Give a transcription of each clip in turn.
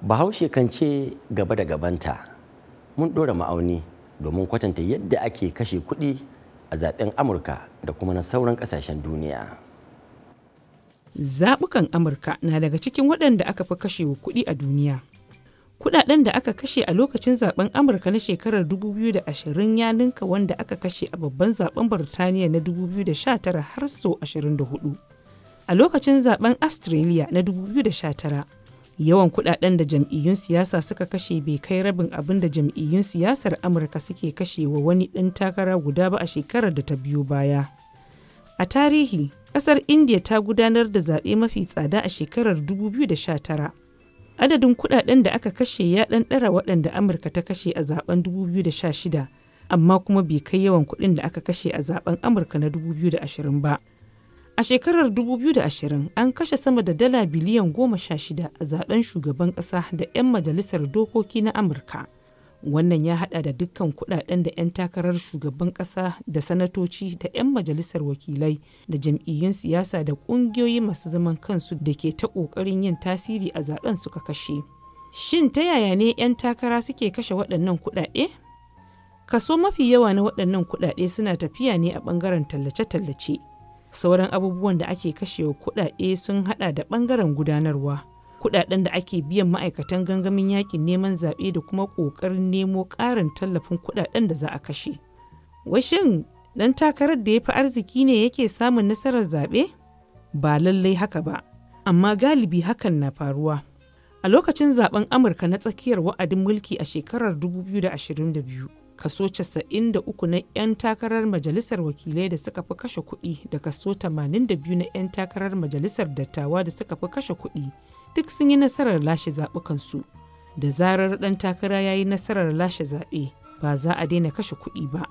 bahaushe kan ce gaba da gabanta mun ɗora ma'auni domin kwatanta yadda ake kashe kuɗi a zaben amurka da kuma na sauran ƙasashen duniya zaɓukan amurka na daga cikin waɗanda aka fi kashe wa kuɗi a duniya kuɗaɗen da aka kashe a lokacin zaben amurka na shekarar 2020 ya ninka wanda aka kashe a babban zaben birtaniya na 2019 har sau 24 a lokacin zaben australia na 2019 yawan kudaden da jam'iyyun siyasa suka kashe bai kai rabin abin da jam'iyyun siyasar amurka suke kashe wa wani ɗan takara guda ba a shekarar da ta biyo baya a tarihi ƙasar india ta gudanar da zaɓe mafi tsada a shekarar 2019 adadin kudaden da aka kashe ya ɗan ɗara waɗanda amurka ta kashe a zaben 2016 amma kuma bai kai yawan kuɗin da aka kashe a zaben amurka na 2020 ba A shekarar 2020 an kashe sama da dala biliyan 16 a zaɓen shugaban ƙasa da 'yan majalisar dokoki na Amurka. Wannan ya hada da dukkan kudaden da 'yan takarar shugaban ƙasa da sanatoci da 'yan majalisar wakilai da jam'iyyun siyasa da ƙungiyoyi masu zaman kansu da ke ta ƙoƙarin yin tasiri a zaɓen suka kashe. Shin ta yaya ne 'yan takara suke kashe waɗannan kuɗaɗe? Kaso mafi yawa na waɗannan kuɗaɗe suna tafiya ne a ɓangaren tallace-tallace sauran abubuwan da ake kashewa kuɗaɗe sun haɗa da ɓangaren gudanarwa kuɗaɗen da ake biyan ma'aikatan gangamin yakin neman zaɓe da kuma ƙoƙarin nemo ƙarin tallafin kuɗaɗen da za a kashe washin ɗan takarar da ya fi arziki ne yake samun nasarar zaɓe ba lallai haka ba amma galibi hakan na faruwa a lokacin zaben amurka na tsakiyar wa'adin mulki a shekarar 2022 kaso 93 na 'yan takarar majalisar wakilai da suka fi kashe kuɗi da kaso 82 na 'yan takarar majalisar dattawa da suka fi kashe kuɗi duk sun yi nasarar lashe zaɓukansu da zarar ɗan takara ya yi nasarar lashe zaɓe ba za a daina kashe kuɗi ba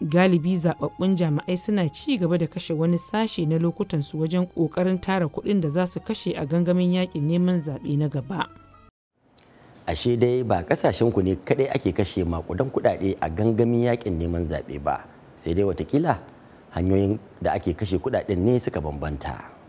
galibi zaɓaɓɓun jami'ai suna ci gaba da kashe wani sashe na lokutansu wajen ƙoƙarin tara kuɗin da za su kashe a gangamin yaƙin neman zaɓe na gaba. ashe dai ba kasashen ku ne kadai ake kashe makudan kudade a gangamin yakin neman zaɓe ba sai dai watakila hanyoyin da ake kashe kudaden ne suka bambanta.